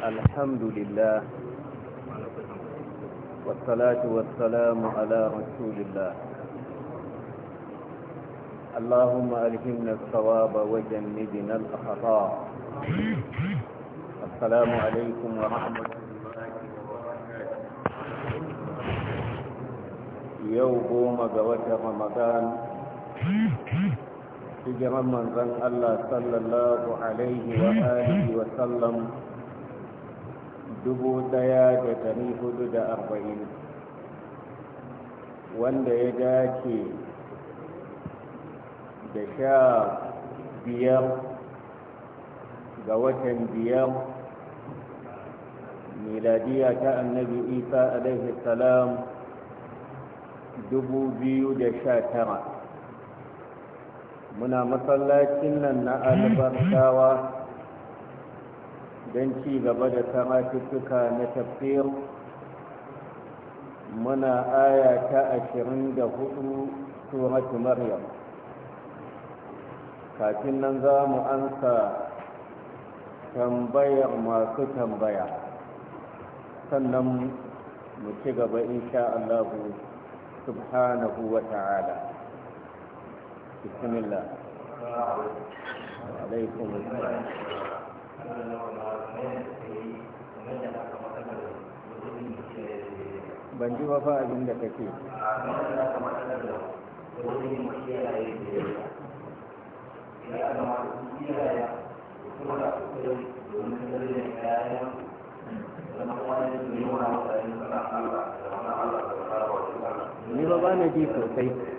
الحمد لله والصلاة والسلام على رسول الله اللهم ألهمنا الصواب وجنبنا الأخطاء السلام عليكم ورحمة الله وبركاته يوم قوة رمضان hijiran manzon Allah صلى الله عليه وآله وسلم dubu ɗaya da ɗari hudu da arba'in wanda ya dace da sha biyar ga watan biyar miladiya ta annabi isa alaihi salam dubu biyu da sha tara muna masallacin nan na albarkawa don ci gaba da karatuttuka na tafsir muna aya ta ashirin da hudu suratu maryam kafin nan za mu ansa tambayar masu tambaya sannan mu ci gaba insha Allah subhanahu wa ta'ala bismillah alaikum assalam ban ji ba fa abin da kake ni ba ba na ji sosai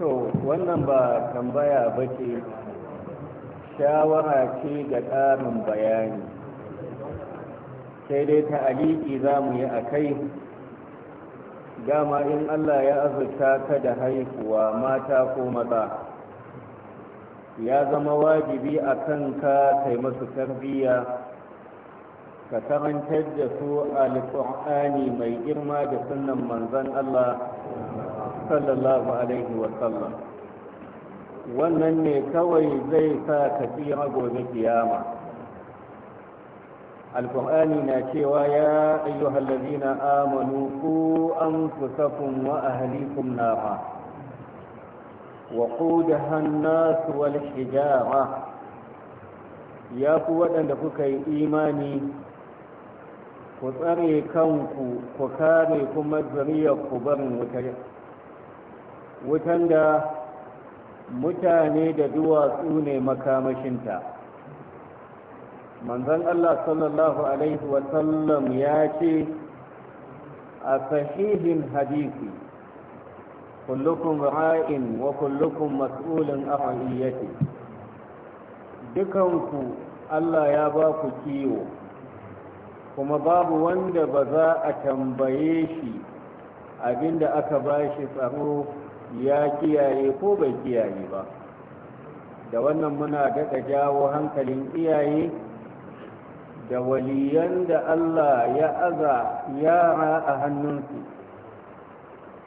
to wannan ba tambaya ba ce shawara ce ga ƙarin bayani sai dai ta aliki za mu yi a kai dama in allah ya azurta ka da haihuwa mata ko maza ya zama wajibi a kanka kai masu tarbiyya ka karantar da su alƙur'ani mai girma da sunan manzon allah sallallahu alaihi wasallam wannan ne kawai zai sa ka tsira gobe kiyama alkur'ani na cewa ya ayyuhal ladina amanu ku anfusakum wa ahlikum nara wa da hannasu nas wal hijara ya ku waɗanda kuka yi imani ku tsare kanku ku kare kuma zuriyar ku barin wutar wutan da mutane da duwatsu ne makamashinta manzon Allah sallallahu alaihi wasallam ya ce a sahihin hadisi kullukum ra'in wa kullukum mas'ulun an dukanku Allah ya ba ku kiwo kuma babu wanda ba za a tambaye shi abinda aka ba shi tsaro ya kiyaye ko bai kiyaye ba da wannan muna daga jawo hankalin iyaye da waliyan da Allah ya aza yara a hannunsu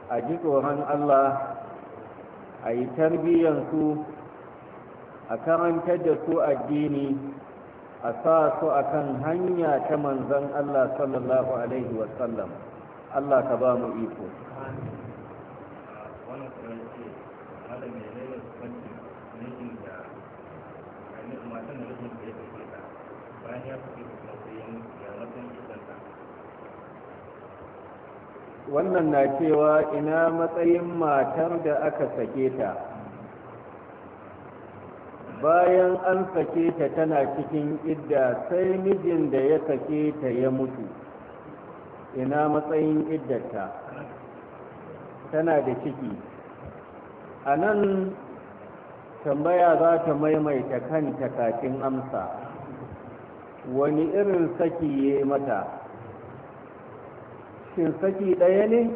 a ji tsoron Allah a yi tarbiyyansu a karantar da su addini a sa su a kan hanya ta manzan Allah sallallahu Alaihi wasallam Allah ka ba mu iko. wannan na cewa ina matsayin matar da aka sake ta bayan an sake ta tana cikin idda sai mijin da ya sake ta ya mutu ina matsayin iddata tana da ciki a nan tambaya za ta maimaita kanta kafin amsa wani irin saki ya mata shin saki ɗaya ne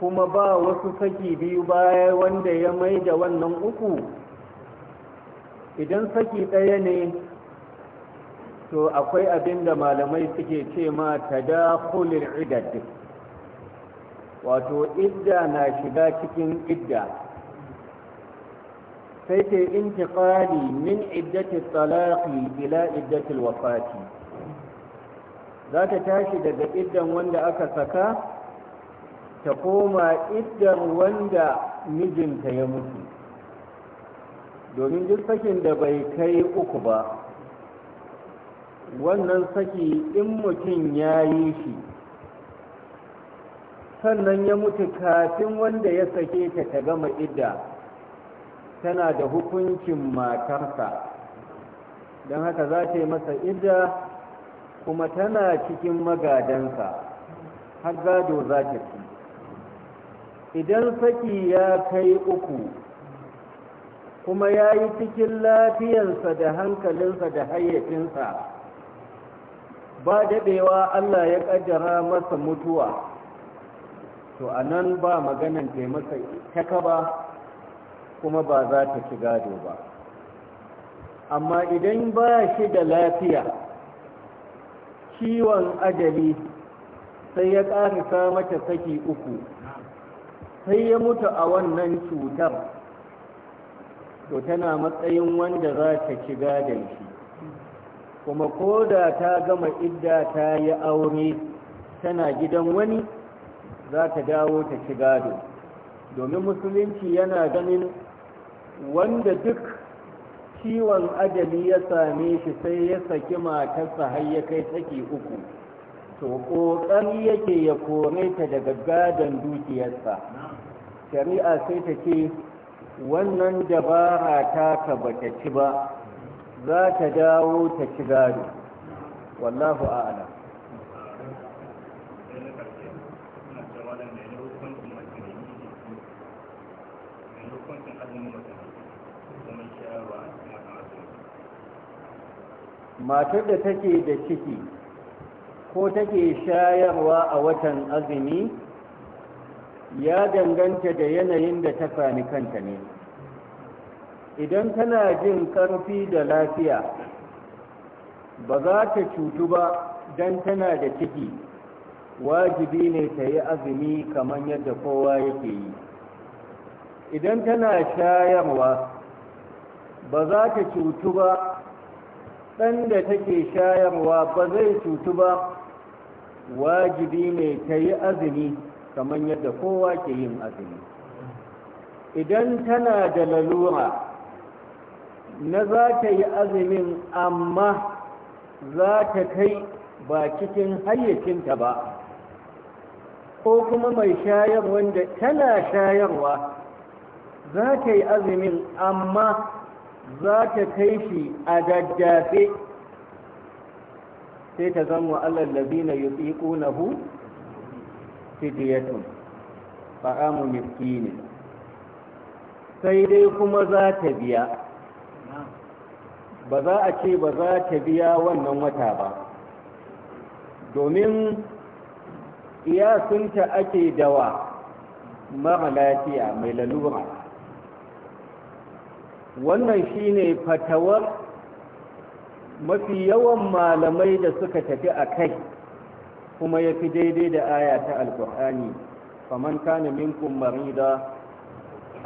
kuma ba wasu saki biyu baya wanda ya mai da wannan uku idan saki ɗaya ne to akwai abin da malamai suke ce ma ta da idad wato idda na shiga cikin idda sai ta intiqali min iddati talaqi ila iddati alwafati za ta tashi daga iddan wanda aka saka ta koma iddan wanda mijinta ya mutu domin duk sakin da bai kai uku ba wannan saki in mutum ya yi shi sannan ya mutu kafin wanda ya sake ta ta gama idda tana da hukuncin matarsa don haka za ta yi masa idda kuma tana cikin magadansa har gado za ta ci idan saki ya kai uku kuma ya yi cikin lafiyansa da hankalinsa da hayyacinsa ba daɗewa allah ya ƙaddara masa mutuwa to a nan ba maganan taimaka taka ba kuma ba za ta ci gado ba amma idan ba shi da lafiya ciwon ajali sai ya karisa mata saki uku sai ya mutu a wannan cutar to tana matsayin wanda za ta ci gadon shi kuma ko da ta gama idda ta yi aure tana gidan wani za ta dawo ta ci gado domin musulunci yana ganin wanda duk ciwon ajali ya same shi sai ya saki matarsa har ya kai saki uku to ƙoƙari yake ya kore ta daga gadon dukiyarsa shari'a sai ta ce wannan dabara ta ka bata ci ba za ta dawo ta ci gado wallahu a'lam matar da take da ciki ko take shayarwa a watan azumi ya danganta da yanayin da ta sami kanta ne idan tana jin ƙarfi da lafiya ba za ta cutu ba don tana da ciki wajibi ne ta yi azumi kamar yadda kowa yake yi idan tana shayarwa ba za ta cutu ba ɗan da take shayarwa ba zai cutu ba wajibi ne ta yi azumi kamar yadda kowa ke yin azumi idan tana da lalura na za ta yi azumin amma za ta kai ba cikin hayyacinta ba ko kuma mai shayar wanda tana shayarwa za ta yi azumin amma za ta kai shi a daddafe sai ta zan wa Allah labina ya tsiko na hu fidiyatun fa'amu miskini sai dai kuma za ta biya ba za a ce ba za ta biya wannan wata ba domin ta ake dawa mara lafiya mai lalura wannan shi ne fatawar mafi yawan malamai da suka tafi a kai kuma ya fi daidai da aya ta alkur'ani faman kana minkum marida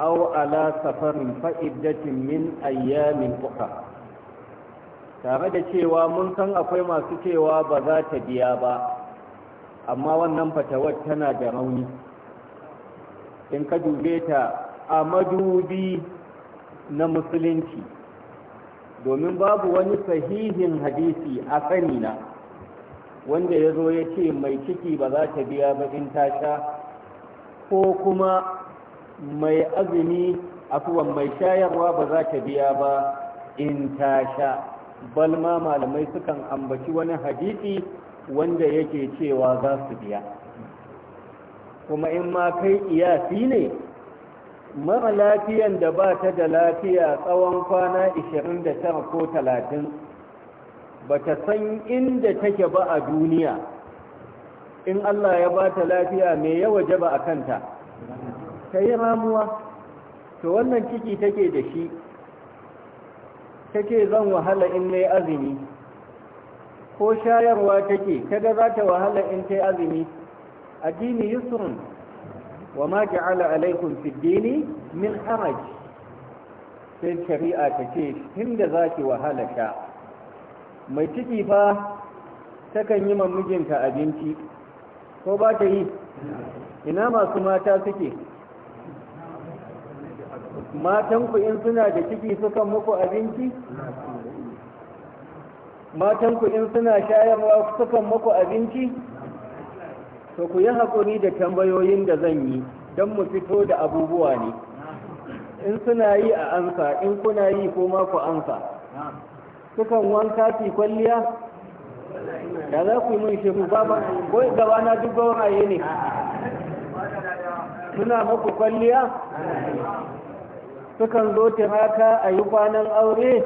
aw ala safarin fa'iddatin min ayyamin kuka. tare da cewa mun san akwai masu cewa ba za ta biya ba amma wannan fatawar tana da rauni in ka dube ta a madubi na musulunci domin babu wani sahihin hadisi a sanina wanda ya zo ya ce mai ciki ba za ta biya ba in ta sha, ko kuma mai azumi afuwan mai shayarwa ba za ta biya ba in ta sha, bal ma malamai sukan ambaci wani hadisi wanda yake cewa za su biya kuma in ma kai iyasi ne mara lafiyan da ba ta da lafiya tsawon kwana 29 ko 30 ba ta san inda take ba a duniya in Allah ya ba ta lafiya mai yawa jaba a kanta ta yi ramuwa to wannan ciki take da shi take zan wahala in mai azumi ko shayarwa take kaga za ta wahala in ta azumi addini yusrun wa ma ja'ala alaikum fi dini min haraj sai shari'a ta ce tunda zaki wahala sha mai ciki fa takan yi mijinta abinci ko ba ta yi ina masu mata suke matanku in suna da ciki sukan muku abinci matanku in suna shayarwa sukan muku abinci to ku yi haƙuri da tambayoyin da zan yi don mu fito da abubuwa ne in suna yi a ansa in kuna yi ma ku ansa sukan wanka fi kwalliya da za ku yi mun ba? ko gaba na duk gawaye ne suna maku kwalliya sukan zo taimaka a yi kwanan aure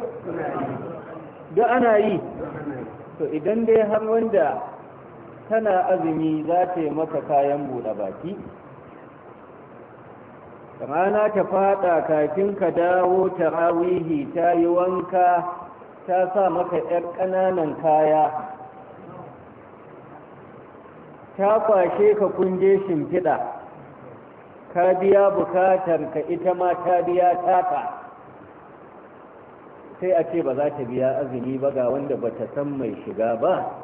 duk ana yi to idan dai har wanda tana azumi za ta yi maka kayan buɗe baki rana ta fada kafin ka dawo tarawihi ta yi wanka ta sa maka 'yar ƙananan kaya ta kwashe ka kunje shimfiɗa ka biya bukatar ka ita ma ta biya taka sai a ce ba za ta biya azumi ba ga wanda ba ta san mai shiga ba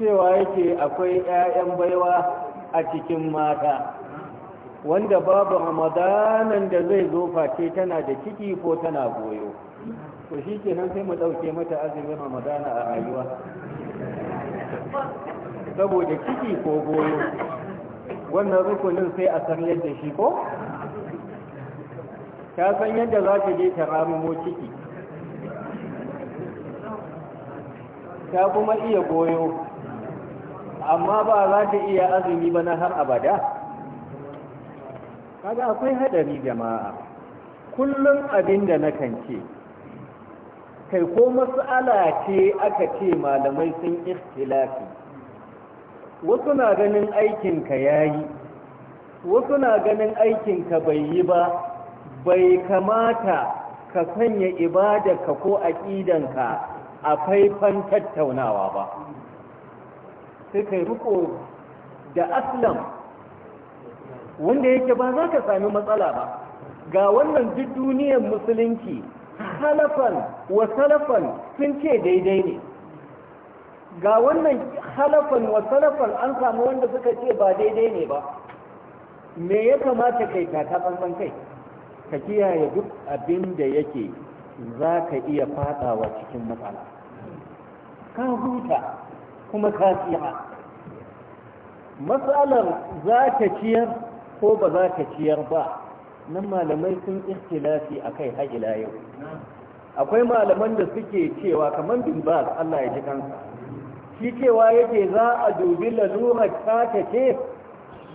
cewa yake akwai 'ya'yan baiwa a cikin mata wanda babu ramadanan da zai zo face tana da ciki ko tana goyo to shi nan sai mu ɗauke mata azumin ramadana a rayuwa saboda ciki ko goyo wannan rukunin sai a san yadda shi ko ta san yadda za ta je ta ramumo ciki ta kuma iya goyo amma ba za ta iya azumi ba na har abada kaga akwai hadari jama'a kullum abin da nakan ce kai ko mas'ala ce aka ce malamai sun ikhtilafi wasu na ganin aikinka yayi wasu na ganin aikinka bai yi ba bai kamata ka sanya ka ko aqidanka a faifan tattaunawa ba sai kai riko da aslam wanda yake ba za ka sami matsala ba ga wannan duk duniyar musulunci halafan wa salafan sun ce daidai ne ga wannan halafan wa salafan an samu wanda suka ce ba daidai ne ba me ya kamata kai takatsantsan kai ka kiyaye duk abin da yake za ka iya fadawa cikin matsala ka huta kuma kasiya matsalar za ka ciyar ko ba za ka ciyar ba nan malamai sun ikhtilafi a kai ila yau akwai malaman da suke cewa kamar bin Allah ya ji kansa shi cewa yake za a dubi lalurar ta ta ce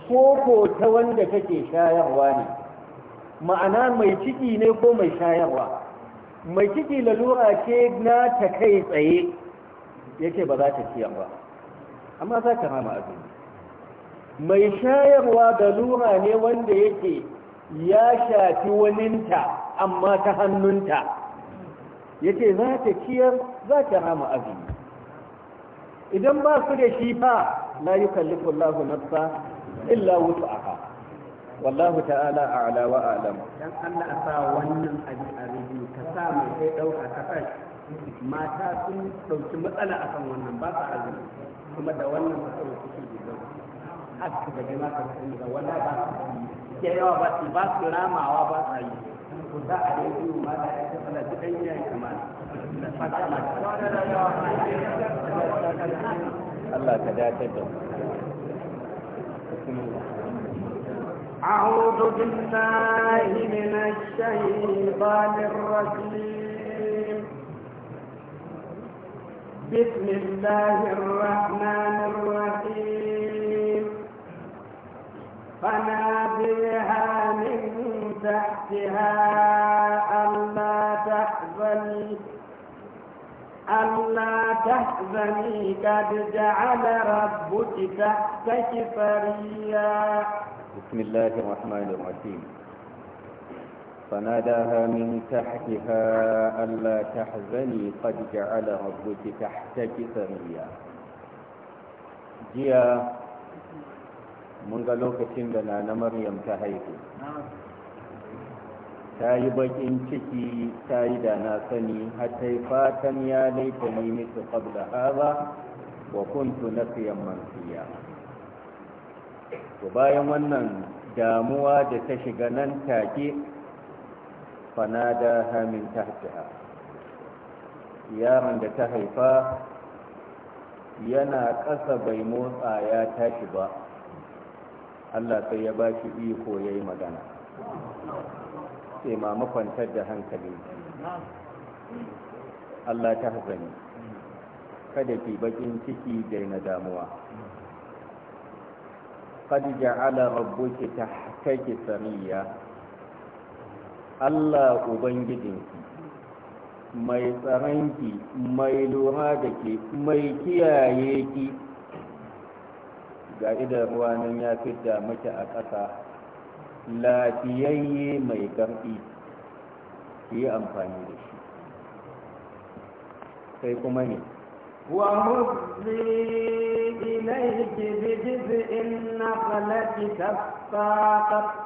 ko ko ta wanda take shayarwa ne ma'ana mai ciki ne ko mai shayarwa mai ciki lalura ce na ta kai tsaye yake ba za ta ciyar ba amma za ta rama azumi mai shayarwa da lura ne wanda yake ya shafi waninta amma ta hannunta yake za ta ciyar za ta rama azumi idan ba su da shi fa la yukallifu Allahu nafsa illa aka. wallahu ta'ala a wa a'lam Don Allah a sa wannan abin a rubuta sa mai kai ɗauka ta fashi mata sun ɗauki matsala akan wannan ba sa azumi kuma da wannan matsala suke da zau haka da gina ka sani da wanda ba su yi yawa ba su ba su ramawa ba su yi ku za a dai biyu ma da ya kafa da duk ɗan yayin kamar da fata ma Allah ka dace da أعوذ بالله من الشيطان الرجيم بسم الله الرحمن الرحيم فناديها من تحتها ألا تحزني ألا تحزني قد جعل ربك تحتك فريا بسم الله الرحمن الرحيم فناداها من تحتها ألا تحزني قد جعل ربك تحتك سريا جيا mun ga lokacin da na maryam ta haihu ta yi bakin ciki ta yi da na sani har ta yi fatan ya laita ni mitu qabla haza wa kuntu nasiyan mansiya to bayan wannan damuwa da ta shiga nan take فناداها من تحتها yaron da ta haifa yana ƙasa bai motsa ya tashi ba allah sai ya ba shi iko ya yi magana sai ma kwantar da hankali allah ta hazani kada ki bakin ciki na damuwa ala جعل ربك kake samiyya. Allah Ubangijinki mai tsaranki mai lura da ke mai kiyaye ki ga idan ruwa nan ya fidda maki a ƙasa lafiyayye mai ƙarfi ki yi amfani da shi sai kuma ne ومضي in na النخلة تساقط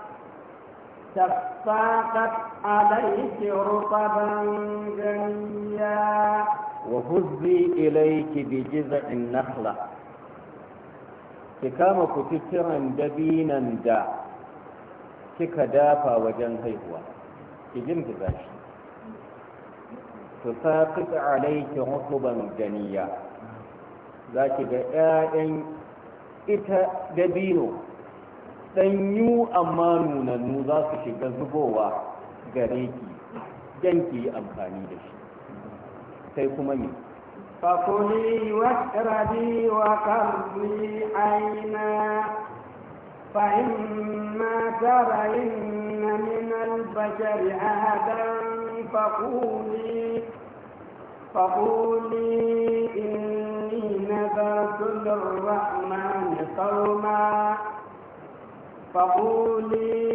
تساقط عليك رطبا جنيا وهزي إليك بجذع النخلة كما كتترا دبينا دا kika dafa wajen haihuwa ki girgiza shi to saqit alayki rutuban daniya zaki ga 'ya'yan ita dabino ɗanyu amma nunannu za su shiga zubowa gare ki don ki yi amfani da shi sai kuma ne فكلي واشربي وقربي عينا فإما ترين من البشر أحدا فقولي فقولي إني نذرت للرحمن صوما فقولي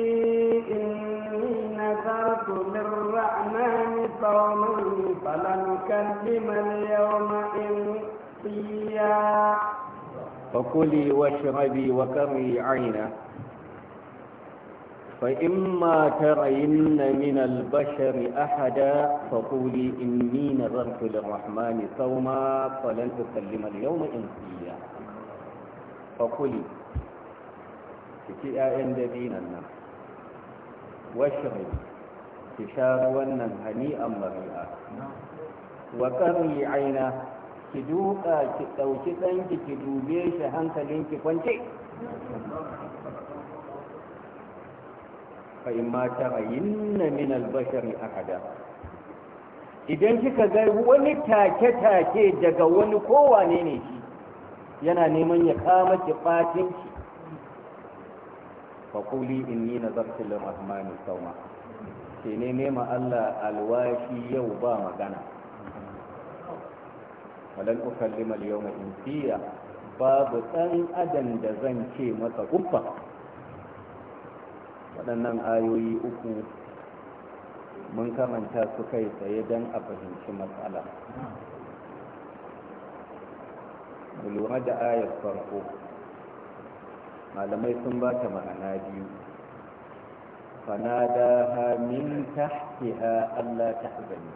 إني نذرت للرحمن صوما فلن أكلم اليوم إنسيا فكلي واشربي وكري عينا فإما ترين من البشر أحدا فقولي إني نذرت للرحمن صوما فلن أكلم اليوم إنسيا فقولي ki ‘ya'yan dabinan nan washirin ki sha wannan hani an mari'a wa ƙarni aina ki duka ki ɗauki ɗanki ki dube shi hankalin ki kwance fa in ma tarayinna min albashari ahada idan kika ga wani take-take daga wani kowane ne shi yana neman ya kama ki ɓatin faƙuli in na zartin rahmani sauma ke ne nema Allah alwashi yau ba magana walan ukallima al-yawma insiya babu ɗan adam da zan ce masa uffa waɗannan ayoyi uku mun kamanta su kai tsaye don a fahimci matsala lura da ayar farko malamai sun ba ta ma'ana biyu fanada min tahtiha Allah ta tahzani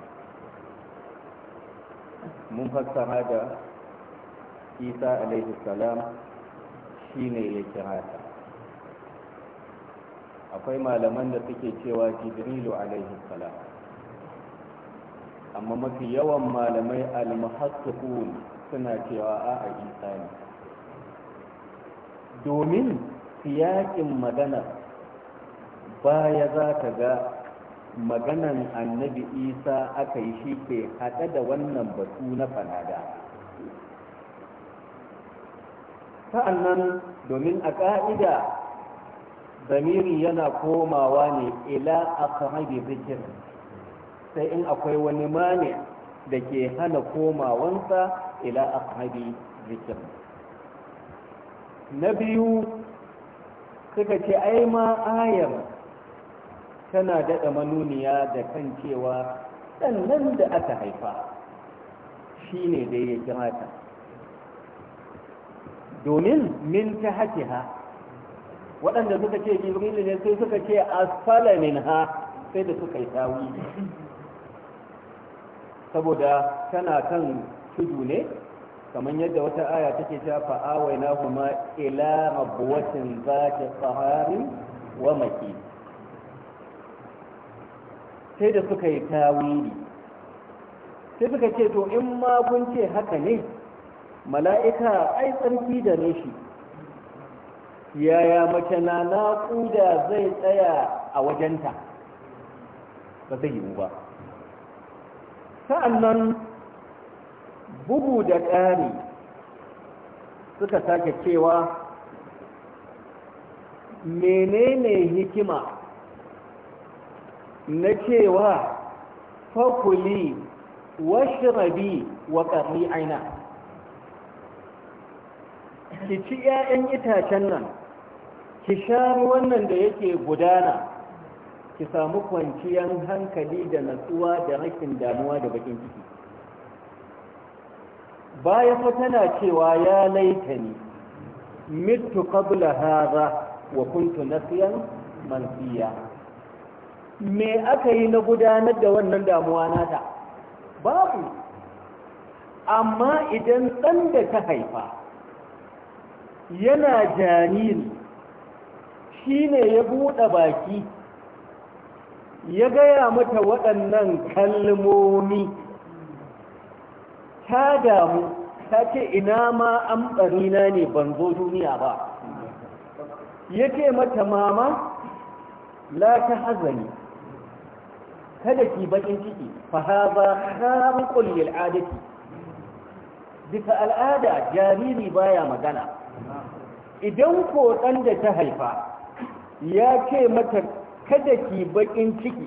mun fassara da Isa alaihi salam ne ya kira ta akwai malaman da suke cewa Jibrilu alaihi salam amma mafi yawan malamai al-muhassiqun suna cewa a'a Isa ne domin siyakin magana baya za ka ga maganan annabi isa aka yi shi ke haɗe da wannan batu na fanada sa'annan domin a ƙa'ida zamiri yana komawa ne ila a zikir sai in akwai wani mani da ke hana komawansa ila a zikir na biyu suka ce ai ma ayar tana daɗa manuniya da kan cewa ɗannan da aka haifa shi ne da ya kirata, mata domin min ta haƙi ha waɗanda suka ce jibrilu ne sai suka ce asfala min ha sai da suka yi tawi saboda tana kan tudu ne kamar yadda wata aya take ta fa awaina kuma ila mabuwatin zati wa maki sai da suka yi tawili sai suka ce to in ma kun ce haka ne mala'ika ai tsarki da ne shi yaya mace na naƙuda zai tsaya a wajenta ba zai yiwu ba sa'an bugu da ƙari suka sake cewa menene hikima na cewa fakuli washirabi wa ƙarni aina ki ci 'ya'yan itacen nan ki sha wannan da yake gudana ki samu kwanciyar hankali da natsuwa da rashin damuwa da bakin ciki baya fa tana cewa ya laitani mitu qabla hadha wa kuntu nasiyan mansiya me aka yi na gudanar da wannan damuwa nata babu amma idan ɗan da ta haifa yana jariri shi ne ya buɗe baki ya gaya mata waɗannan kalmomi ta damu ta ce ina ma an barina ne ban zo duniya ba ya ce mata mama la ta hazani kada ki bakin ciki fa haza kharqul lil adati bisa al'ada jariri baya magana idan ko dan da ta haifa ya ce mata kada ki bakin ciki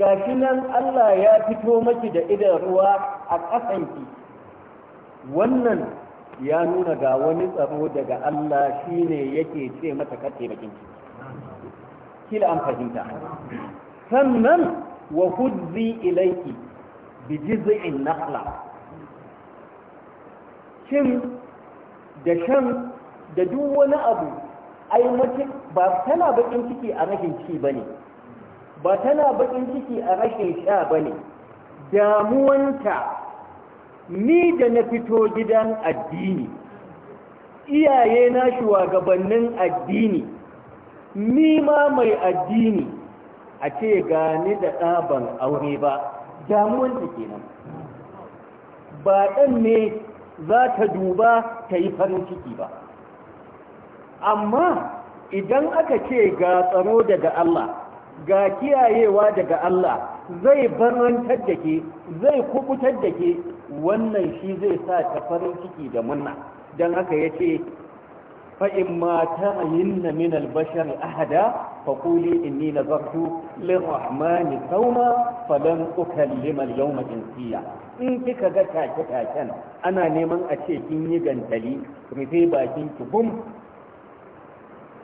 Ga shi nan Allah ya fito maki da idan ruwa a ƙasanki wannan ya nuna ga wani tsaro daga Allah shi ne yake ce mata kace bakin ki kila an fahimta sannan wa hudzi ilayki bi jiz'in nakhla kin da shan da duk wani abu ai mace ba tana bakin ciki a rashin ci bane ba tana bakin ciki a rashin sha ba ne damuwanta ni da na fito gidan addini iyaye na shugabannin addini ni ma mai addini a ce gani da ɗaban aure ba damuwanta kenan ba ɗan ne za ta duba ta yi farin ciki ba amma idan aka ce ga tsaro daga Allah ga kiyayewa daga Allah zai barantar da ke zai kubutar da ke wannan shi zai sa ta farin ciki da munna don haka ya ce fa'in mata yin na min albashar ahada faƙuli inni na zartu lirrahmani sauna falon ukallimar yau in kika ga take-taken ana neman a ce kin yi gantali rufe bakin ki bum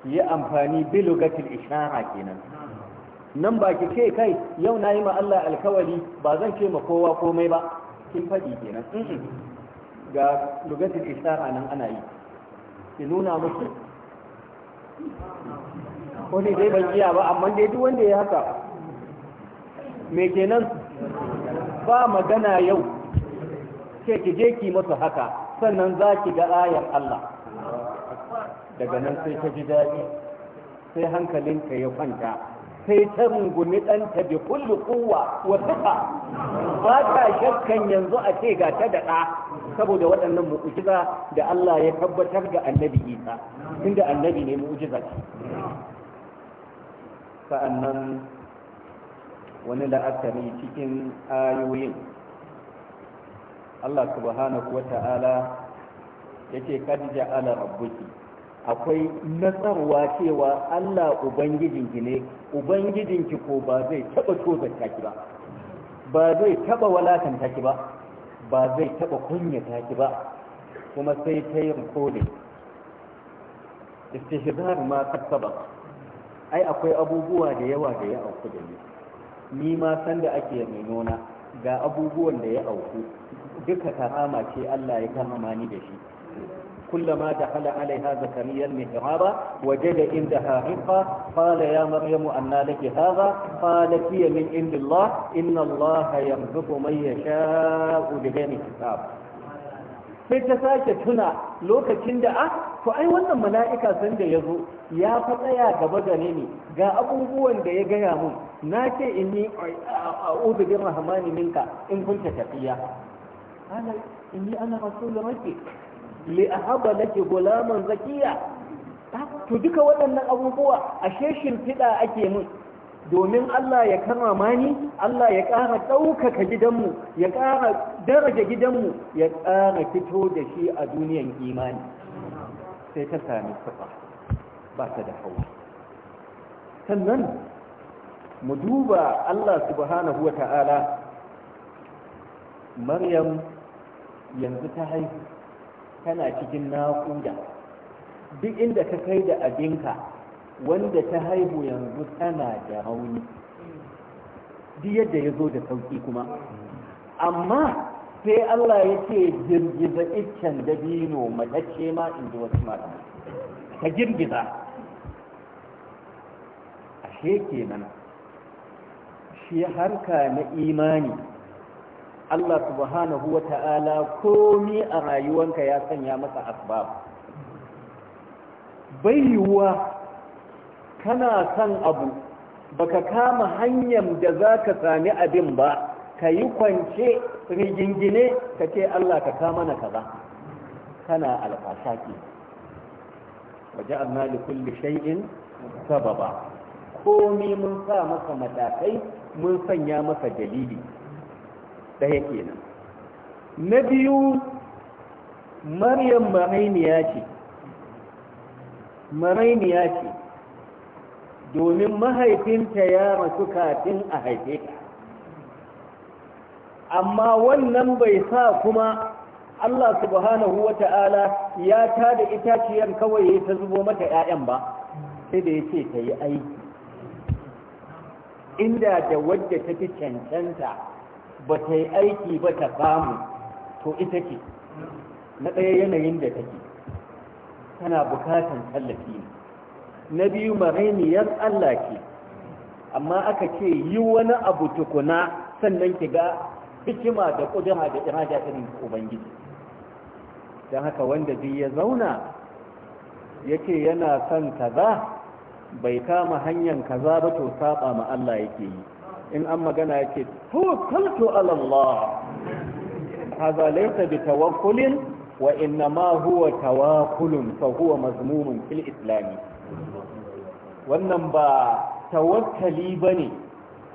yi amfani bilugatil ishara kenan nan ba ki ce kai yau na yi ma Allah alkawali ba zan ce ma kowa komai ba kin faɗi kenan ga lugatul isara nan ana yi ki nuna musu ko ne dai ban iya ba amma dai duk wanda ya haka me kenan ba magana yau Ke ki je ki masu haka sannan za ki ga ayar Allah daga nan sai ka ji daɗi sai hankalinka ya kwanta sai ta rungumi ɗanta bi kullu kowa wa suka ba ta shakkan yanzu a ce ga ta daɗa saboda waɗannan mu'ujiza da Allah ya tabbatar ga annabi Isa inda annabi ne mu'ujiza ce sa'annan wani la'akari cikin ayoyin Allah subhanahu wa ta'ala yake kad ja'ala rabbuki akwai nasarwa cewa Allah ubangijinki ne ubangijin ki ko ba zai taba tozarta ki ba ba zai taba walakanta ki ba ba zai taba kunyata ki ba kuma sai ta yi rikodin istihzar ma ba, ai akwai abubuwa da yawa da ya auku da ni ni ma san da ake nuna ga abubuwan da ya auku duka karama ce Allah ya kama ni da shi كلما دخل عليها زكريا المحراب وجد عندها رقة قال يا مريم أنى لك هذا قالت هي من عند الله إن الله يرزق من يشاء بغير حساب sai ta sake tuna lokacin da a ah, to ai wannan mala'ika sanda da ya zo ya fa tsaya gaba gare ni ga abubuwan da ya gaya mun na ce in ni a bi rahmani minka in kunta taqiya ana inni ana rasulur rake. li ahaba laki gulaman zakiya to duka waɗannan abubuwa a sheshin fida ake mun domin Allah ya kama ni Allah ya ƙara ɗaukaka gidanmu ya ƙara daraja gidanmu ya ƙara fito da shi a duniyan imani sai ta sami kuɗa ba ta da hawa sannan mu duba Allah subhanahu wa ta'ala maryam yanzu ta haihu tana cikin nakuda. duk inda ka kai da abinka wanda ta haihu yanzu tana da rauni duk yadda ya zo da sauƙi kuma amma sai Allah ya ce girgiza iccen dabino matacce ma in ji wasu malamai ka girgiza ashe kenan shi harka na imani Allah subhanahu wa ta'ala komi a rayuwanka ya sanya masa asbab baiwa kana son abu baka kama hanyar da za ka sami abin ba ka yi kwance rigingine ka ce Allah ka kama na kaza kana alfasha waje amma da kulle shai'in sababa komi mun sa masa matakai mun sanya masa dalili ɗaya kenan na biyu maryam marainiya ce marainiya ce domin mahaifinta ya rasu kafin a haife ta amma wannan bai sa kuma Allah subhanahu wa ta'ala ya tada itaciyar kawai ya ta zubo mata ‘ya'yan ba sai da ya ce ta yi aiki inda da wadda ta fi cancanta ba ta yi aiki ba ta samu to ita ce na ɗaya yanayin da take tana bukatan tallafi ne na biyu marainiyar Allah ke, amma aka ce yi wani abu tukuna sannan ki ga hikima da ƙudura da irada ta ubangiji don haka wanda zai ya zauna yake yana son kaza bai kama hanyar kaza ba to saba ma Allah yake yi in an magana yake tawakkaltu ala Allah hadha laysa bitawakkulin wa ma huwa tawakkulun fa huwa mazmumun fil islam wannan ba tawakkali bane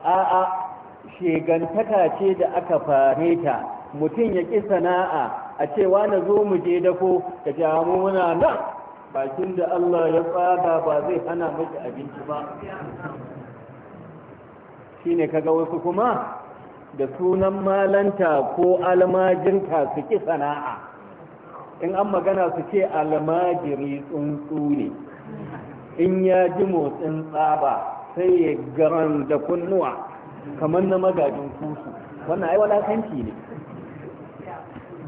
a'a shegantaka ce da aka fare ta mutum ya ƙi sana'a a cewa na zo mu je dako ka jamu muna nan bakin da Allah ya tsada ba zai hana miki abinci ba shine kaga wasu kuma da sunan malanta ko almajinta su ki sana'a in an magana su ce almajiri tsuntsu ne in ya ji motsin tsaba sai ya garan da kunnuwa kamar na magajin kusu wannan ai walakanci ne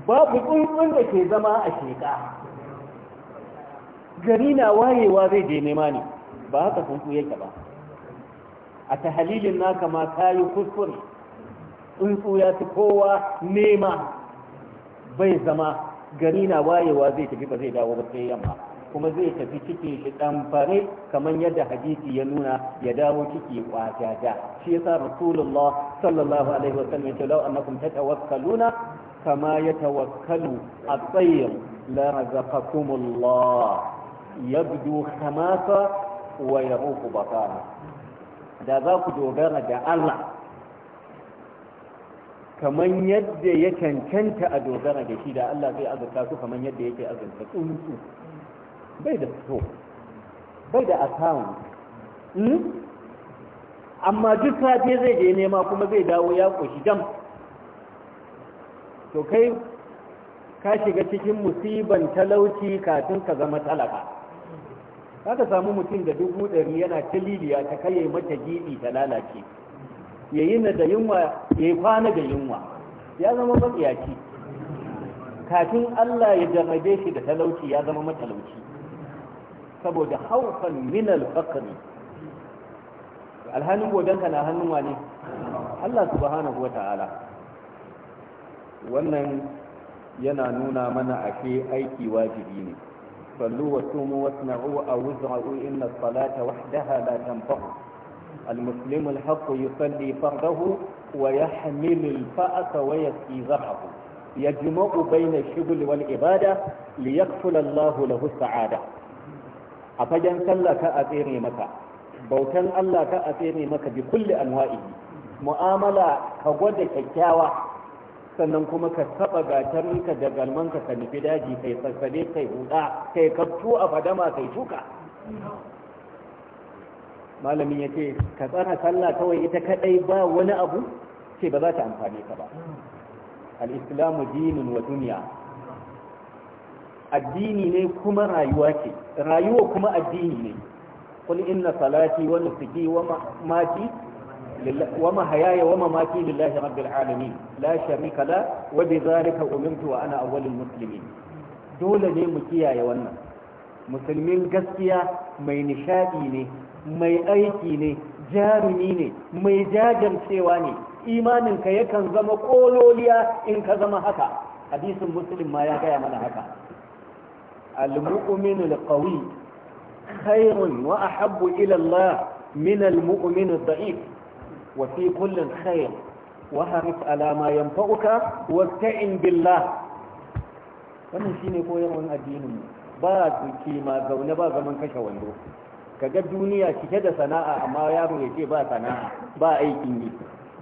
babu tsuntsun da ke zama a sheka gari na wayewa zai je nema ne ba haka tsuntsu yake ba a tahalilin naka ma ka yi kuskure tsuntsu ya fi kowa nema bai zama gari na wayewa zai tafi ba zai dawo ba sai yamma kuma zai tafi cikin shi dan fare kamar yadda hadisi ya nuna ya dawo ciki kwajaja shi yasa rasulullah sallallahu alaihi wasallam yace law annakum tatawakkaluna kama yatawakkalu at-tayr la razaqakumullah yabdu khamasa wa yaruqu batana da za ku dogara da Allah kamar yadda ya cancanta a dogara da shi da Allah zai azurta su kamar yadda yake azurta tsuntsu bai da so bai da account hmm? amma duk safe zai je nema kuma zai dawo ya ƙoshi dam to kai ka shiga cikin musiban talauci kafin ka zama talaka za ka samu mutum da dubu ɗari yana ta liliya ta yi mata gibi ta lalace ya yi na da yunwa ya yi kwana da yunwa ya zama matsiyaci kafin Allah ya jarrabe shi da talauci ya zama matalauci saboda haufan min al alhannun alhanin na hannun wane Allah subhanahu wa ta'ala wannan yana nuna mana ashe aiki wajibi ne صلوا وصوموا واصنعوا أو ازرعوا إن الصلاة وحدها لا تنفع المسلم الحق يصلي فرده ويحمل الفأس ويسقي زرعه يجمع بين الشغل والعبادة ليكفل الله له السعادة أفجن صلى كأثير مكة بوتن الله كأثير مكة بكل أنوائه mu'amala ka gwada kyakkyawa sannan kuma ka taɓa ka da galman ka nufi daji kai sassabe kai huda kai kaftu a fadama kai tuka. malamin ya ce ka tsara sallah kawai ita kadai ba wani abu ce ba za ta amfane ka ba al-islamu dinin wa duniya addini ne kuma rayuwa ce rayuwa kuma addini ne kul inna salati wa nusuki wa mati وما هياي وما ماتي لله رب العالمين لا شريك له وبذلك أمرت وأنا أول المسلمين dole ne mu kiyaye wannan musulmin gaskiya mai nishadi ne mai aiki ne jarumi ne mai jajamcewa ne imanin ka yakan zama kololiya in ka zama haka hadisin muslim ma ya kaya mana haka al-mu'minu al-qawi khairun wa ahabbu ila Allah min al-mu'min ad-da'if wa fi kullin khair wa harif ala ma yanfa'uka Wannan shi ne shine koyarwar addinin ba duki ma zaune ba zaman kashe wando kaga duniya cike da sana'a amma yaro ya ce ba sana'a ba aikin yi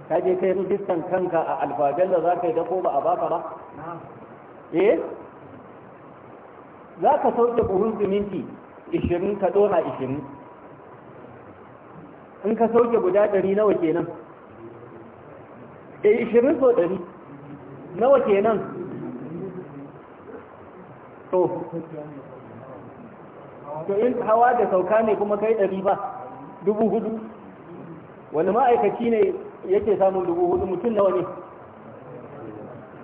ka je kai rijistan kanka a alfajar da za ka yi da ba a baka ba eh za ka sauke buhun siminti 20 ka dora 20 in ka sauke guda ɗari nawa kenan eh ishirin so ɗari nawa kenan to to in hawa da sauka ne kuma kai ɗari ba dubu hudu wani ma'aikaci ne yake samun dubu hudu mutum nawa ne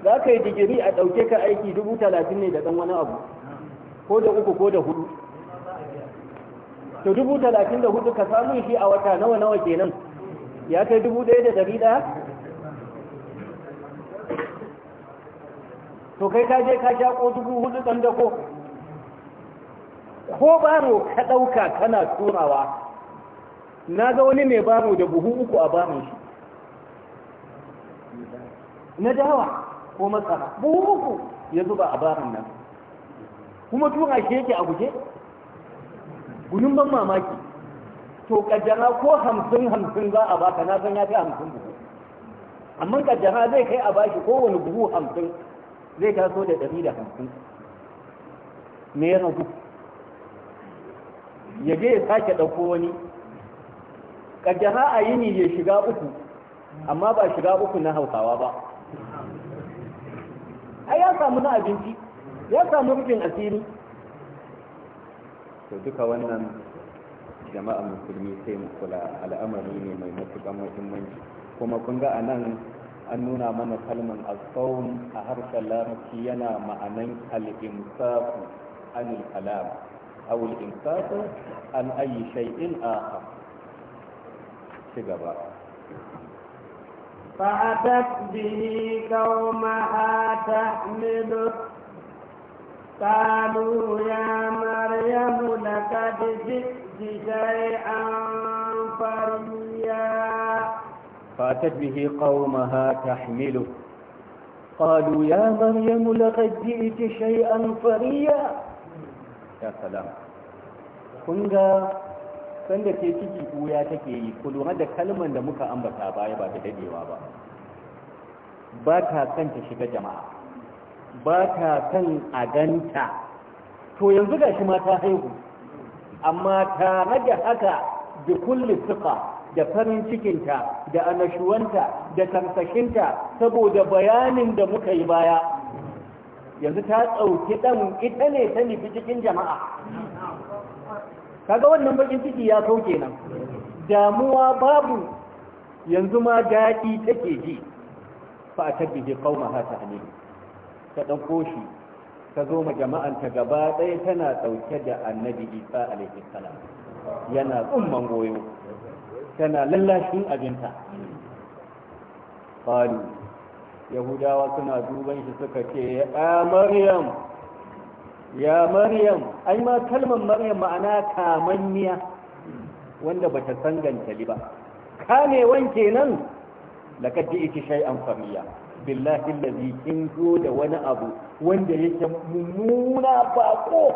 za ka yi digiri a ɗauke ka aiki dubu talatin ne da ɗan wani abu ko da uku ko da hudu to dubu talatin da hudu ka samu shi a wata nawa nawa kenan ya kai dubu ɗaya da dari ɗaya to kai ka je ka shaƙo dubu hudu ɗan da ko ko baro ka ɗauka kana turawa na ga wani mai baro da buhu uku a baron shi na dawa ko matsara buhu uku ya zuba a baron nan kuma tura shi yake a guje gunun ban mamaki to kajjana ko hamsin hamsin za a baka na san ya fi hamsin buhu amma kajjana zai kai a bashi kowane buhu hamsin zai taso da ɗari da hamsin me ya ragu ya je ya sake ɗauko wani kajjana a yini ya shiga uku amma ba shiga uku na hausawa ba ai ya samu na abinci ya samu rufin asiri to duka wannan jama'a musulmi sai mu kula al'amari ne mai matuƙan muhimmanci kuma kun ga anan an nuna mana kalman asawun a harshen larabci yana ma'anan al'imsaku anil kalam aw al-imsaku an ayi shay'in akhar ci gaba فأتت به قومها تحمله قالوا يا مريم لقد جئت شيئا فريا فاتت به قومها تحمله قالوا يا مريم لقد جئت شيئا فريا يا سلام kunga sanda ke ciki ya take yi ku lura da kalman da muka ambata baya ba da dadewa ba ba ta shiga jama'a ba ta son a ganta to yanzu ga shi ma ta haihu amma ta rage haka da kulle suka da farin cikinta da anashuwanta da tamsashinta saboda bayanin da muka yi baya yanzu ta tsauki ɗan ita ne ta nufi cikin jama'a kaga wannan bakin ciki ya sauke nan damuwa babu yanzu ma daɗi take ji fa a tabbiji kawo kauma hata ne ka ɗauko shi ka zo ma jama'anta gaba ɗaya tana ɗauke da annabi isa alaihi salam yana tsumman goyo tana lallashin abinta qalu yahudawa suna duban shi suka ce ya maryam ya maryam ai ma kalmar maryam ma'ana kamanniya wanda ba ta sanganta li ba kame wanke nan laqad ita shay'an famiya billahi lazi kin zo da wani abu wanda yake mummuna bako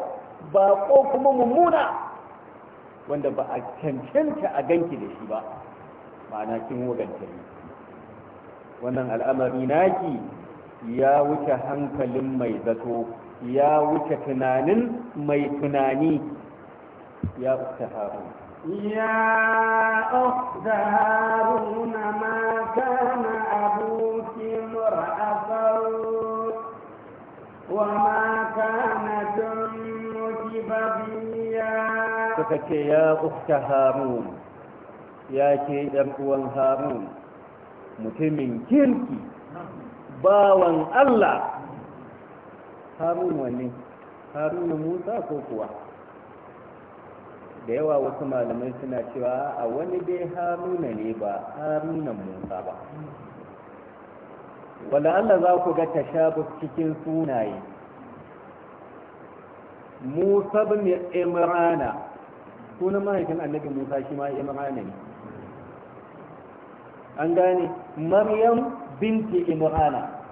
bako kuma mummuna wanda ba a cancanta a ganki da shi ba ma'ana kin waganta ne wannan al'amari naki ya wuce hankalin mai zato ya wuce tunanin mai tunani ya wuce harun ya أخت هارون ما كان Kuma kake ya ƙofce Harun ya ke ƴar'uwan Harun, mutumin kirki bawan Allah. Harun wanne Haruna Musa ko kuwa? Da yawa wasu malamai suna cewa a wani dai Haruna ne ba Harunan Musa ba. wanda Allah za ku ga tashabus cikin sunaye Musa bin Imrana sunan mahaifin annabi Musa shi ma Imrana ne an gane Maryam binti Imrana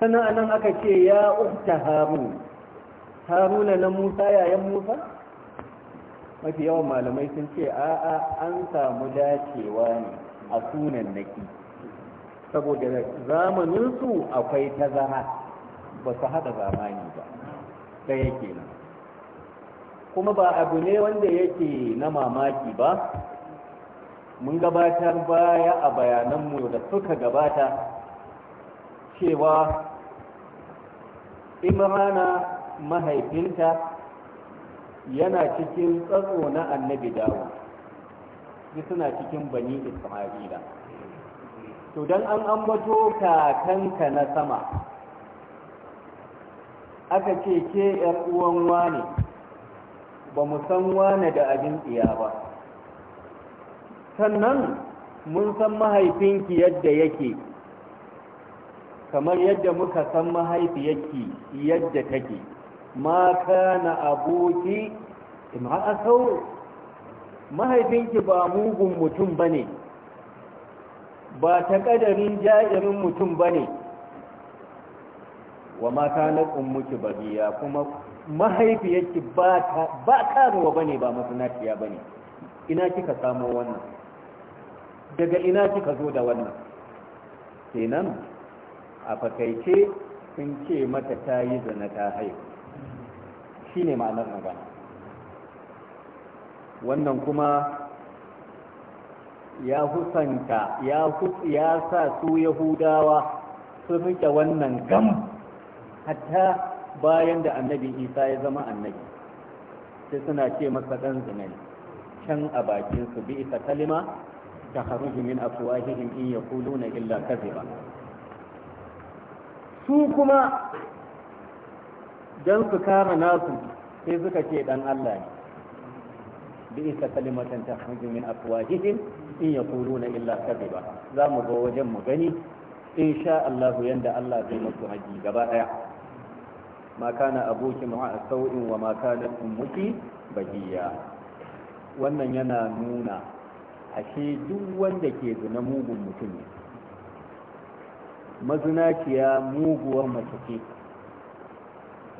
sannan anan aka ce ya ukta Harun Haruna na Musa yayan Musa mafi yawan malamai sun ce a'a an samu dacewa ne a sunan naki saboda zamaninsu akwai tazara ba su haɗa zamani ba ɗaya nan. kuma ba abu ne wanda yake na mamaki ba mun gabatar baya a bayananmu da suka gabata cewa imrana mahaifinta yana cikin tsatso na annabi dawo suna cikin bani isma'ila to don an ambato kakanka na sama aka ce ke ‘yar uwan wane ba mu san wane da abin tsiya ba sannan mun san mahaifinki yadda yake kamar yadda muka san mahaifiyarki yadda take ma kana aboki imra'a sau mahaifinki ba mugun mutum bane ba ta ƙadarin ja'irin mutum ba ne wa mata na ƙunmuki biya kuma mahaifiyarki ba ƙaruwa ba ne ba masunaciya ba ne ina kika samo wannan daga ina kika zo da wannan kenan a fakaice sun ce mata ta yi zana ta haihu shi ne ma'anar magana wannan kuma ya husanta ya ya sa su yahudawa su rike wannan gam hatta bayan da annabi isa ya zama annabi sai suna ce masa dan zinai can a bakin su bi isa kalima ta haruji min afwahihim in ya illa kadhiba su kuma don su kama nasu sai suka ce dan allah ne بئس كلمة تخرج من أفواههم إن يقولون إلا كذبا لا مغوجا مغني إن شاء الله يندى الله في مسهدي قبائع ما كان أبوك مع سوء وما كانت أمك بهيا wannan yana nuna ashe duk wanda ke zina mugun mutum ne mazinaciya muguwar mace ce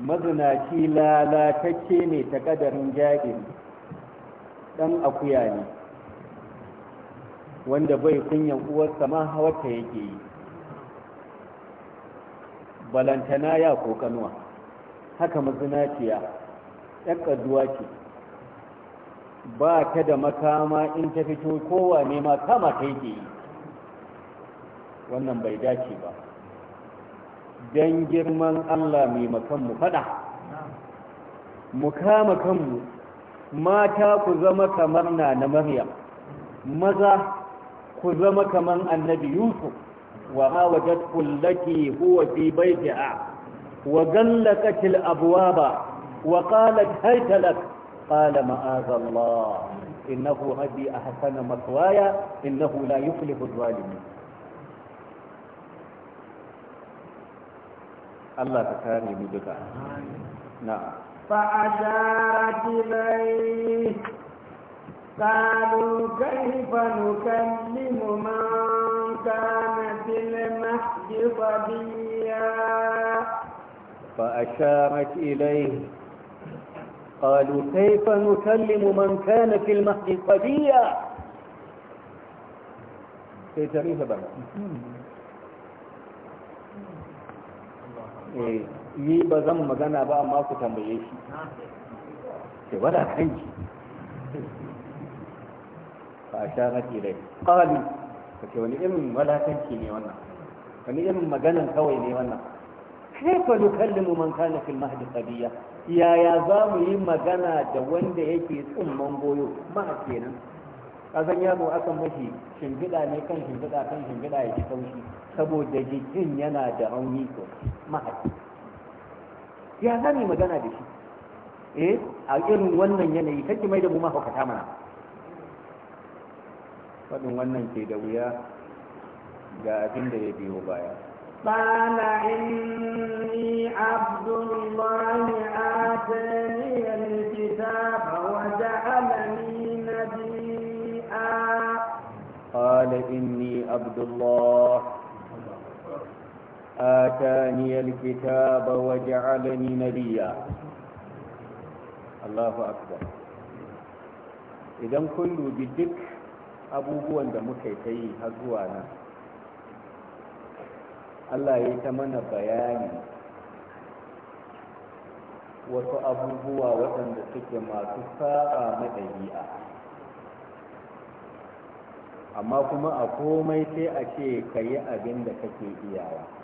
mazinaci lalatacce ne ta kadarin jahili Dan akuya ne wanda bai kunyan uwarsa ma hawarta yake yi balantana ya ko kanuwa haka mazinaciya ‘yan ƙaduwa ce ba ta da makama in ta fito kowa ne ma kama ta yake yi wannan bai dace ba don girman allah mai makan mu fada mu kama kanmu mata ku zama kamar na na maryam maza ku zama kamar annabi yusuf wa ma wajadtu laki huwa fi baytiha wa gallaqat al abwaba wa qalat hayta lak qala ma'az allah innahu rabbi ahsana maswaya innahu la yuflihu adh Allah ta kare mu duka na'am فأشارت إليه قالوا كيف نكلم من كان في المهد صبيا فأشارت إليه قالوا كيف نكلم من كان في المهد صبيا في تاريخ بلد ni ba zan magana ba amma ku tambaye shi sai wada kanki a sha nake dai qalu ce wani irin walakanci ne wannan wani irin maganan kawai ne wannan kaifa nukallimu man kana fil mahdi qadiya yaya za mu yi magana da wanda yake tsumman goyo ma kenan kasan yaro akan mashi shimfiɗa ne kan shimfiɗa kan shimfiɗa ya ji kaushi saboda jikin yana da rauni sosai mahaifi ya za mu magana da shi eh a irin wannan yanayi kake mai da mu mahaukata mana faɗin wannan ke da wuya ga abin da ya biyo baya قال إني عبد الله آتاني الكتاب وجعلني نبيا قال إني عبد الله آتاني الكتاب وجعلني نبيا الله أكبر idan kun بدك duk abubuwan da muka yi nan allah ya ta mana bayani wasu abubuwa waɗanda suke masu sa'a na ɗabi'a amma kuma a komai sai a ce ka yi abin da kake iyawa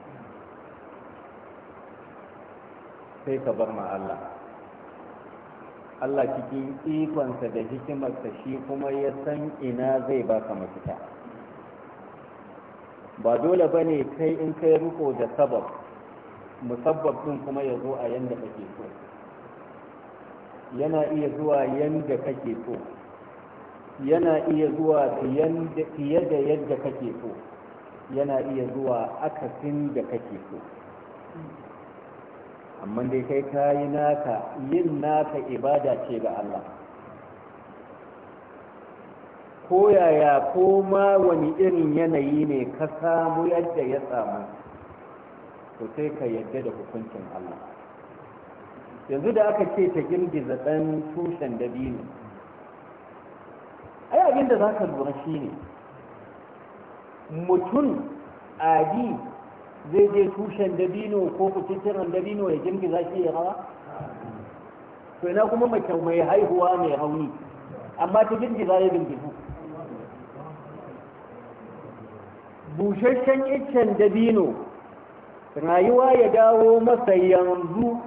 sai ka bar ma Allah Allah cikin ikonsa da hikimarsa shi kuma ya san ina zai baka mafita ba dole ba ne kai in kai riko da sabab musabbab din kuma ya zo a yanda kake so yana iya zuwa yanda kake so yana iya zuwa fiye da yadda kake so yana iya zuwa akasin da kake so amma dai kai kayi naka yin naka ibada ce ga Allah ko yaya ko ma wani irin yanayi ne ka samu yadda ya samu to sai ka yadda da hukuncin Allah yanzu da aka ce ta girgiza ɗan tushen dabini. ai abin da za ka lura shi ne mutum adi zai je tushen dabino ko kuciciran dabino ya girgiza shi ya hawa to ina kuma mace mai haihuwa mai hauni amma ta za ya girgizu busasshen iccen dabino rayuwa ya dawo masa yanzu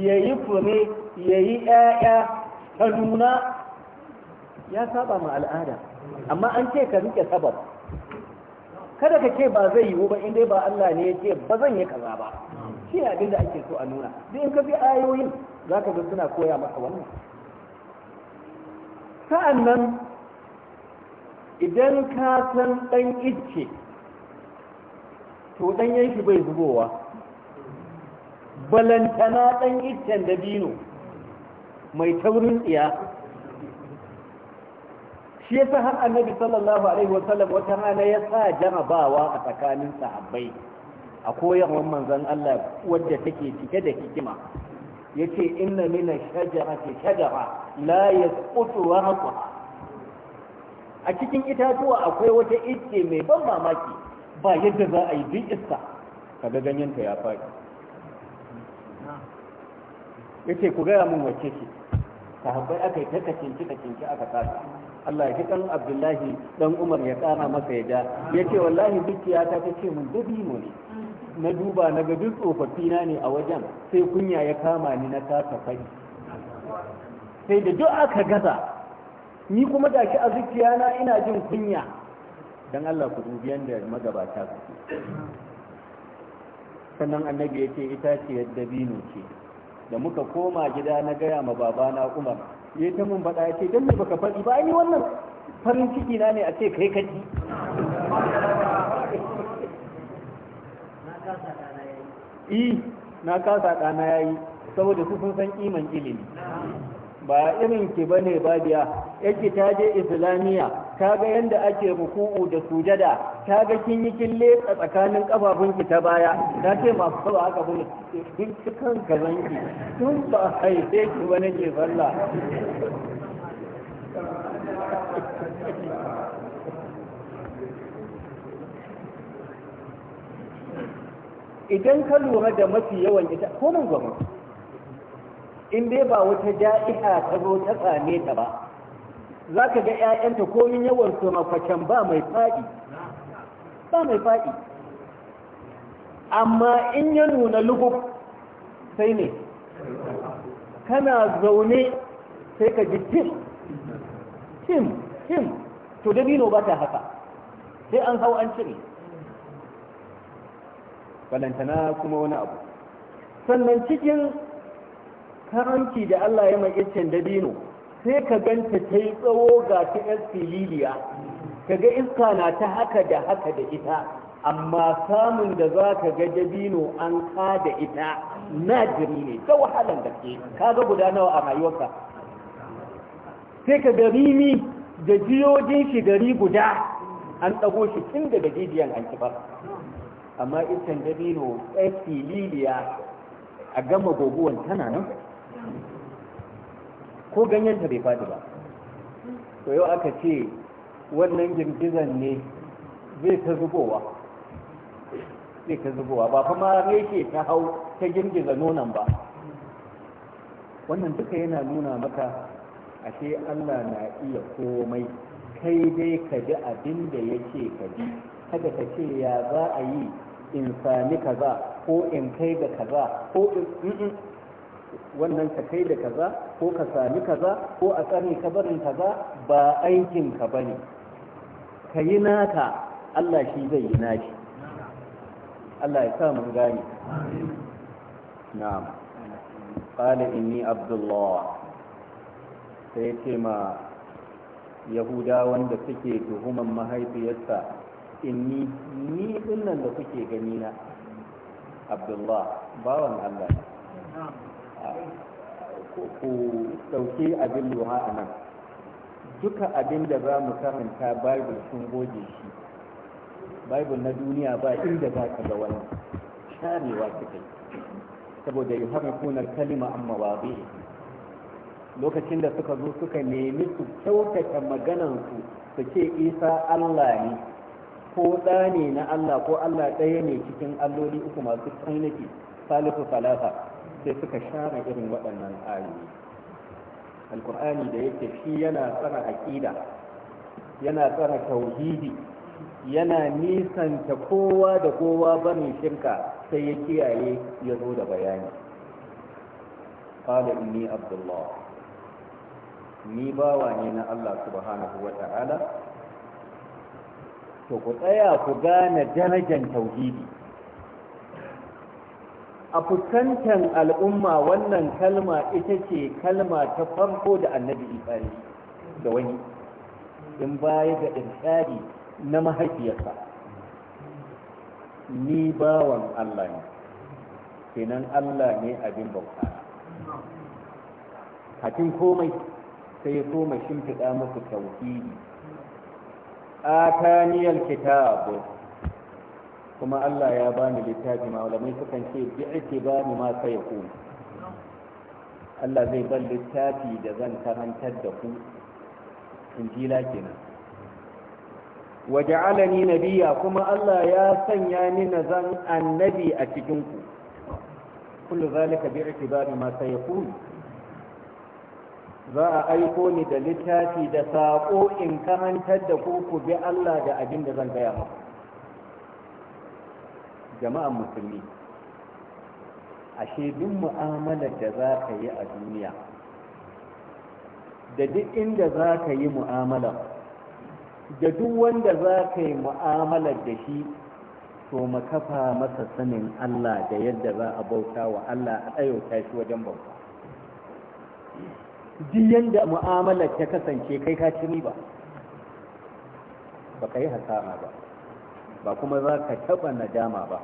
ya yi fure ya yi ‘ya'ya ta nuna ya saba ma al'ada amma an ce ka rike sabab kada ka ce ba zai yiwu ba inda ba Allah ne ya ce ba zan yi kaza ba shi ne abin da ake so a nuna duk in ka bi ayoyin za ka ga suna koya maka wannan sa'annan idan ka san ɗan icce to dan shi bai zubowa balantana ɗan iccen dabino mai taurin tsiya shi yasa har annabi sallallahu alaihi wa sallam wata rana ya sa jarabawa a tsakanin sahabbai a koyarwar manzon Allah wadda take cike da hikima yace inna min ash-shajarati shajara la yasqutu warqaha a cikin itatuwa akwai wata icce mai ban mamaki ba yadda za a yi duk iska kaga ganyenta ya faɗi yace ku gaya mun wacce ce sahabbai aka yi ta kacinci kacinci aka kasa Allah ya kan Abdullahi dan Umar ya kara masa ya ja yace wallahi dukiya ta ce mun dubi mu ne na duba na ga duk tsofaffina ne a wajen sai kunya ya kama ni na kasa fari sai da duk aka gaza ni kuma da ki a zuciya na ina jin kunya dan Allah ku dubi yanda magabata su sannan annabi yace ita ce yadda dabino ce da muka koma gida na gaya ma babana Umar ya ta mun faɗa ya ce don me baka faɗi ba ai wannan farin ciki na ne a ce kai kaji i eh, na kasa ɗana ya yi saboda su sun san kiman ilimi ba irin ki bane ba biya yake ta je islamiyya ga yanda ake ruku'u da sujada ga kin yi kin leka tsakanin kafafun ki ta baya na ce masu kawo aka bune kin cikin kan tun ba haife ki ba nake sallah idan ka lura da mafi yawan ita ko mun gaba in dai ba wata da'iha ta zo ta tsame ta ba za ka ga 'ya'yanta komin yawan su mafacen ba mai faɗi ba mai faɗi amma in ya nuna lugub sai ne kana zaune sai ka ji tim tim tim to dabino ba ta haka sai an hau an cire balantana kuma wani abu sannan cikin karanci da Allah ya mai iccen dabino sai ka ganta ta yi tsawo ga ta yan fililiya ka ga iska na ta haka da haka da ita amma samun da za ka ga dabino an ka da ita jiri ne ta wahalan ke, ka ga guda nawa a rayuwarka sai ka ga rimi da jiyojin shi gari guda an ɗago shi tun daga jijiyan an ba amma iskan dabino tsaye fililiya a gama goguwan tana nan ko ganyenta bai faɗi ba to yau aka ce wannan girgizan ne zai ta zubowa zai ta zubowa ba kuma ke ta hau ta girgiza nonon ba wannan duka yana nuna maka ashe Allah na iya komai kai dai ka ji abin da ya ce ka ji kada ka ce ya za a yi in sami kaza ko in kai ga kaza ko in wannan ka kai da kaza ko ka sami kaza ko a ka kabarin kaza ba aikin ka bane ka yi naka Allah shi zai yi naki. Allah ya sa mun gane na'am qala inni abdullah sai ce ma yahuda wanda suke tuhuman mahaifiyarsa inni ni dinnan da kuke gani na abdullah bawan Allah ku ɗauki abin lura a nan duka abin da za mu karanta bible sun goge shi bible na duniya ba inda za ka ga wani sharewa suka yi saboda yi harkunar kalima amma ba lokacin da suka zo suka nemi su kyautata maganansu su ce isa allah ne ko ɗa ne na allah ko allah ɗaya ne cikin alloli uku masu tsanaki salisu salafa sai suka share irin waɗannan ayoyi alkur'ani da yake shi yana tsara aƙida yana tsara tauhidi yana nisanta kowa da kowa barin shirka sai ya kiyaye ya zo da bayani qala inni abdullah ni bawa ne na Allah subhanahu wata'ala to ku tsaya ku gane darajar tauhidi a fuskantar al'umma wannan kalma ita ce kalma ta farko da annabi isari da wani in baya ga irshadi na mahaifiyarsa ni bawan Allah ne kenan Allah ne abin bauta hakin komai sai ya koma shimfiɗa muku tauhidi ataniyal kitabu kuma Allah ya bani littafi malamai sukan ce bi ake ni ma sai ku Allah zai ban littafi da zan karantar da ku in injila kenan waja'alani nabiyya kuma Allah ya sanya ni na zan annabi a cikin ku kullu zalika bi itibari ma sayakun za a aiko ni da littafi da sako in karantar da ku ku bi Allah da abin da zan gaya muku jama'an musulmi ashe duk mu'amalar da za ka yi a duniya da duk inda za ka yi mu'amala da duk wanda za ka yi mu'amalar da shi to makafa masa sanin Allah da yadda za a bauta wa Allah a tsayauta shi wajen bauta duk yadda mu'amalar ta kasance kai ka ci riba ba ka yi hasara ba ba kuma za ka taɓa nadama ba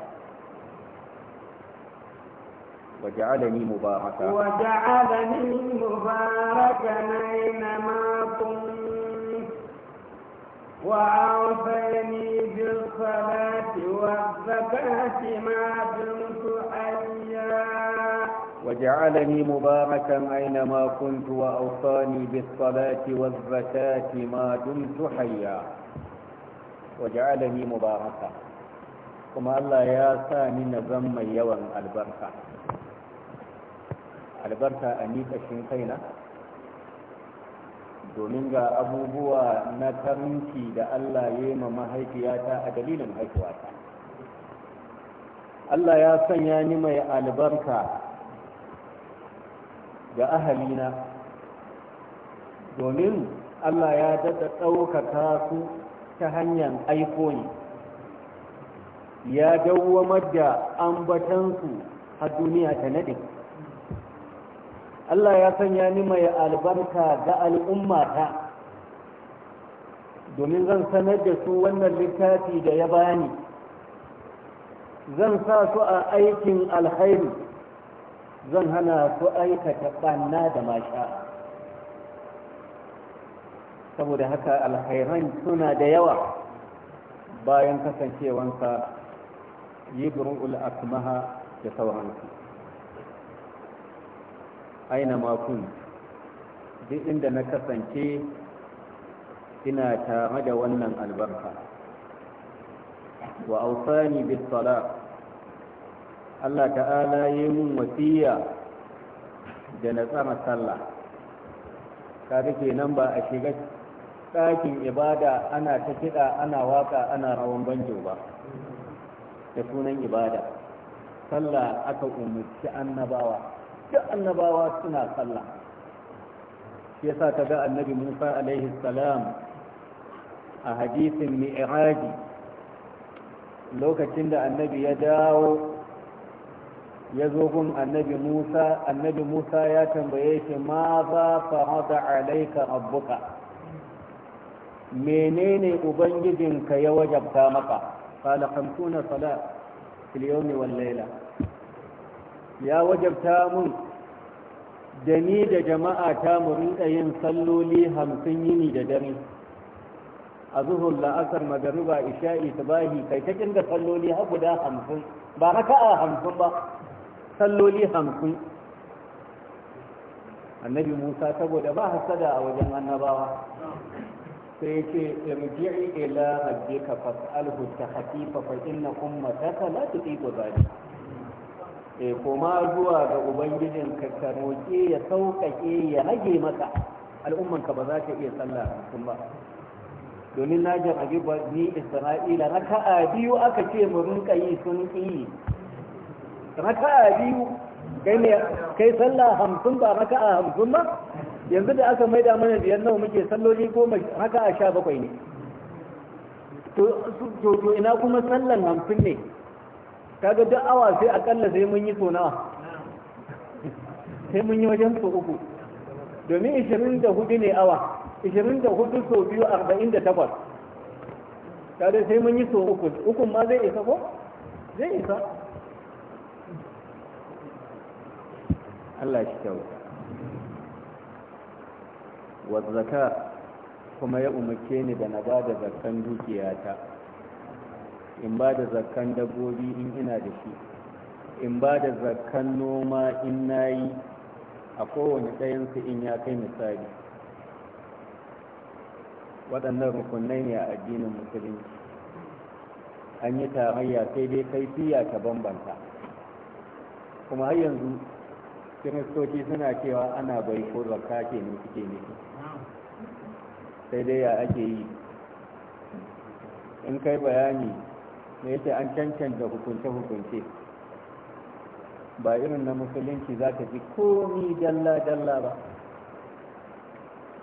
وجعلني مباركا وجعلني مباركا أينما كنت وأوصيني بالصلاة والزكاة ما دمت حيا وجعلني مباركا أينما كنت وأوصاني بالصلاة والزكاة ما دمت حيا waj'alani mubaraka kuma Allah ya sa ni na zan mai yawan albarka albarka a ni kashin kaina domin ga abubuwa na karinci da Allah ya yi ma mahaifiyata a dalilin haihuwata Allah ya sanya ni mai albarka ga ahalina domin Allah ya daɗa ɗaukaka su ta hanyar aiko ne ya dawwamar da ambatansu a duniya ta nade Allah ya sanya ni mai albarka ga al'ummata domin zan sanar da su wannan littafi da ya bani zan sa su a aikin alhairi zan hana su aikata ɓanna da masha'a saboda haka alkhairan suna da yawa bayan kasancewanka yibrin ul'akmaha da sauransu aina makon duk inda na kasance ina tare da wannan albarka wa ausani bis sala Allah ta'ala yi mun wasiya da na tsara sallah ka kenan ba a shiga ɗakin ibada ana ta kiɗa ana waka ana rawan banjo ba da sunan ibada sallah aka umarci annabawa duk annabawa suna sallah shi yasa ta ga annabi musa alaihi salam a hadisin mi'raji lokacin da annabi ya dawo ya zo gun annabi musa annabi musa ya tambaye shi ma za fa hada alaika abuka menene ubangijinka ya wajabta maka qala khamsuna salat fil yawmi wal layla ya wajabta mun da ni da jama'a ta mu rinka yin salloli hamsin yini da dare a zuhur asar magariba isha'i tabahi kai ta kinga salloli har guda hamsin ba raka'a hamsin ba salloli hamsin annabi musa saboda ba hasada a wajen annabawa sai ce irji'i ila rabbika fas'alhu tahqiqa fa inna ummataka la tuqibu zalika e eh, koma zuwa ga ubangijin ka ka roke ya sauƙaƙe ya rage maka al'umman ka ba za ta iya sallah sun ba domin na jan abi ba ni isra'ila raka'a biyu aka ce mu rinka yi sun ki raka'a biyu kai ne kai sallah hamsin ba raka'a hamsin ba yanzu da aka maida mana biyar nawa muke salloli goma haka a sha bakwai ne to ina kuma sallan hamsin ne kaga duk awa sai akalla sai mun yi tona sai mun yi wajen so uku domin 24 ne awa 24 so biyu 48 kaga sai mun yi so uku ukun ma zai isa ko zai isa Allah shi kyauta wa zaka kuma ya umarce ni da na ba da zakkan dukiyata in ba da zakkan dabbobi in ina da shi in ba da zakkan noma in na yi a kowane ɗayansu in ya kai misali waɗannan rukunai ne a addinin musulunci an yi tarayya sai dai kaifiya ta bambanta kuma har yanzu kiristoci suna cewa ana bai ko zakka ke ne suke nufi sai dai ya ake yi in kai bayani ne yake an cancanta hukunce-hukunce ba irin na musulunci za ka fi komi dalla-dalla ba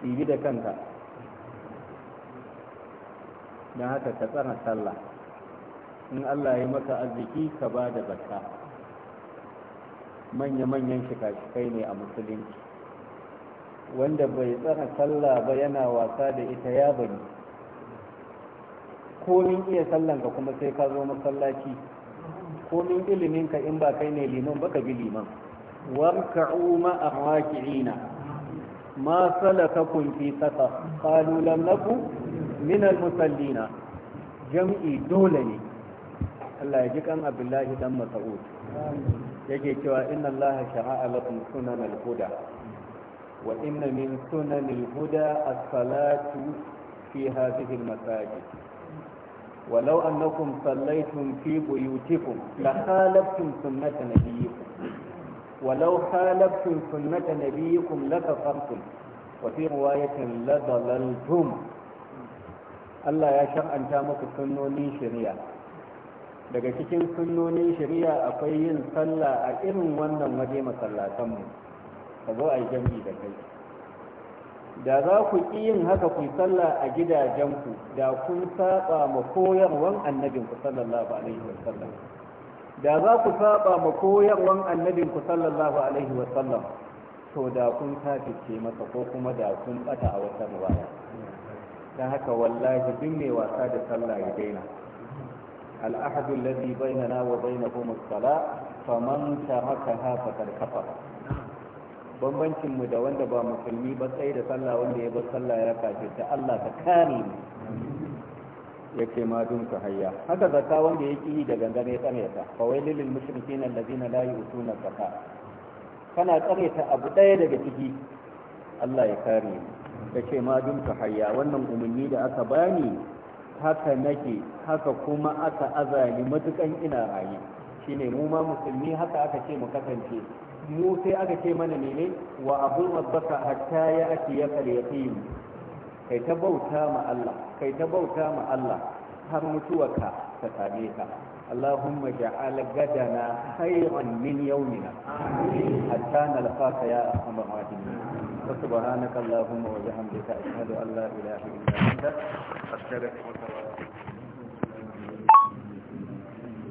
ɗibi da kanka don haka ka tsara sallah in allah ya maka arziki ka ba da zakka manya-manyan shika-shikai ne a musulunci wanda bai tsara sallah ba yana wasa da ita ya bari komin iya sallan ka kuma sai ka zo masallaci komin ilimin ka in ba kai ne liman baka bi liman warka'u ma raki'ina ma kun fi saqar qalu lam naku min al-musallina jam'i dole ne Allah ya ji kan Abdullahi dan Mas'ud yake cewa inna Allah shara'a lakum sunan al-huda وإن من سنن الهدى الصلاة في هذه المساجد ولو أنكم صليتم في بيوتكم لخالفتم سنة نبيكم ولو خالفتم سنة نبيكم لكفرتم وفي رواية لضللتم Allah ya shar'anta muku sunnonin shari'a daga cikin sunnonin shari'a akwai yin sallah a irin wannan waje masallatanmu mu ka zo a yi jam'i da kai da za ku ƙi yin haka ku sallah a gidajenku da kun saba ma koyarwan ku sallallahu alaihi wa wasallam da za ku saba ma koyarwan ku sallallahu alaihi wa wasallam to da kun kafice masa ko kuma da kun bata a wata riwaya dan haka wallahi duk mai wasa da sallah ya daina al-ahadu alladhi bainana wa bainahum as-salah faman tarakaha faqad kafara bambancin mu da wanda ba musulmi ba sai da sallah wanda ya bar sallah ya kace ta Allah ka kare mu yake ma dun ka hayya haka zakka wanda ya ki da gangane ya tsare ta fa wailil lil mushrikin alladhina la yu'tuna zakka kana tsare ta abu daya daga ciki Allah ya kare mu kace ma dun ka hayya wannan umarni da aka bani haka nake haka kuma aka azani matukan ina raye shine mu ma musulmi haka aka ce mu kasance mu sai aka ce mana mene wa abu rabbaka hatta ya ake ya karyafin kai ta bauta ma Allah kai ta bauta ma Allah har mutuwarka ta same ka اللهم اجعل غدنا خيرا من يومنا حتى نلقاك يا ارحم الراحمين وسبحانك اللهم وبحمدك اشهد ان لا اله الا انت استغفرك واتوب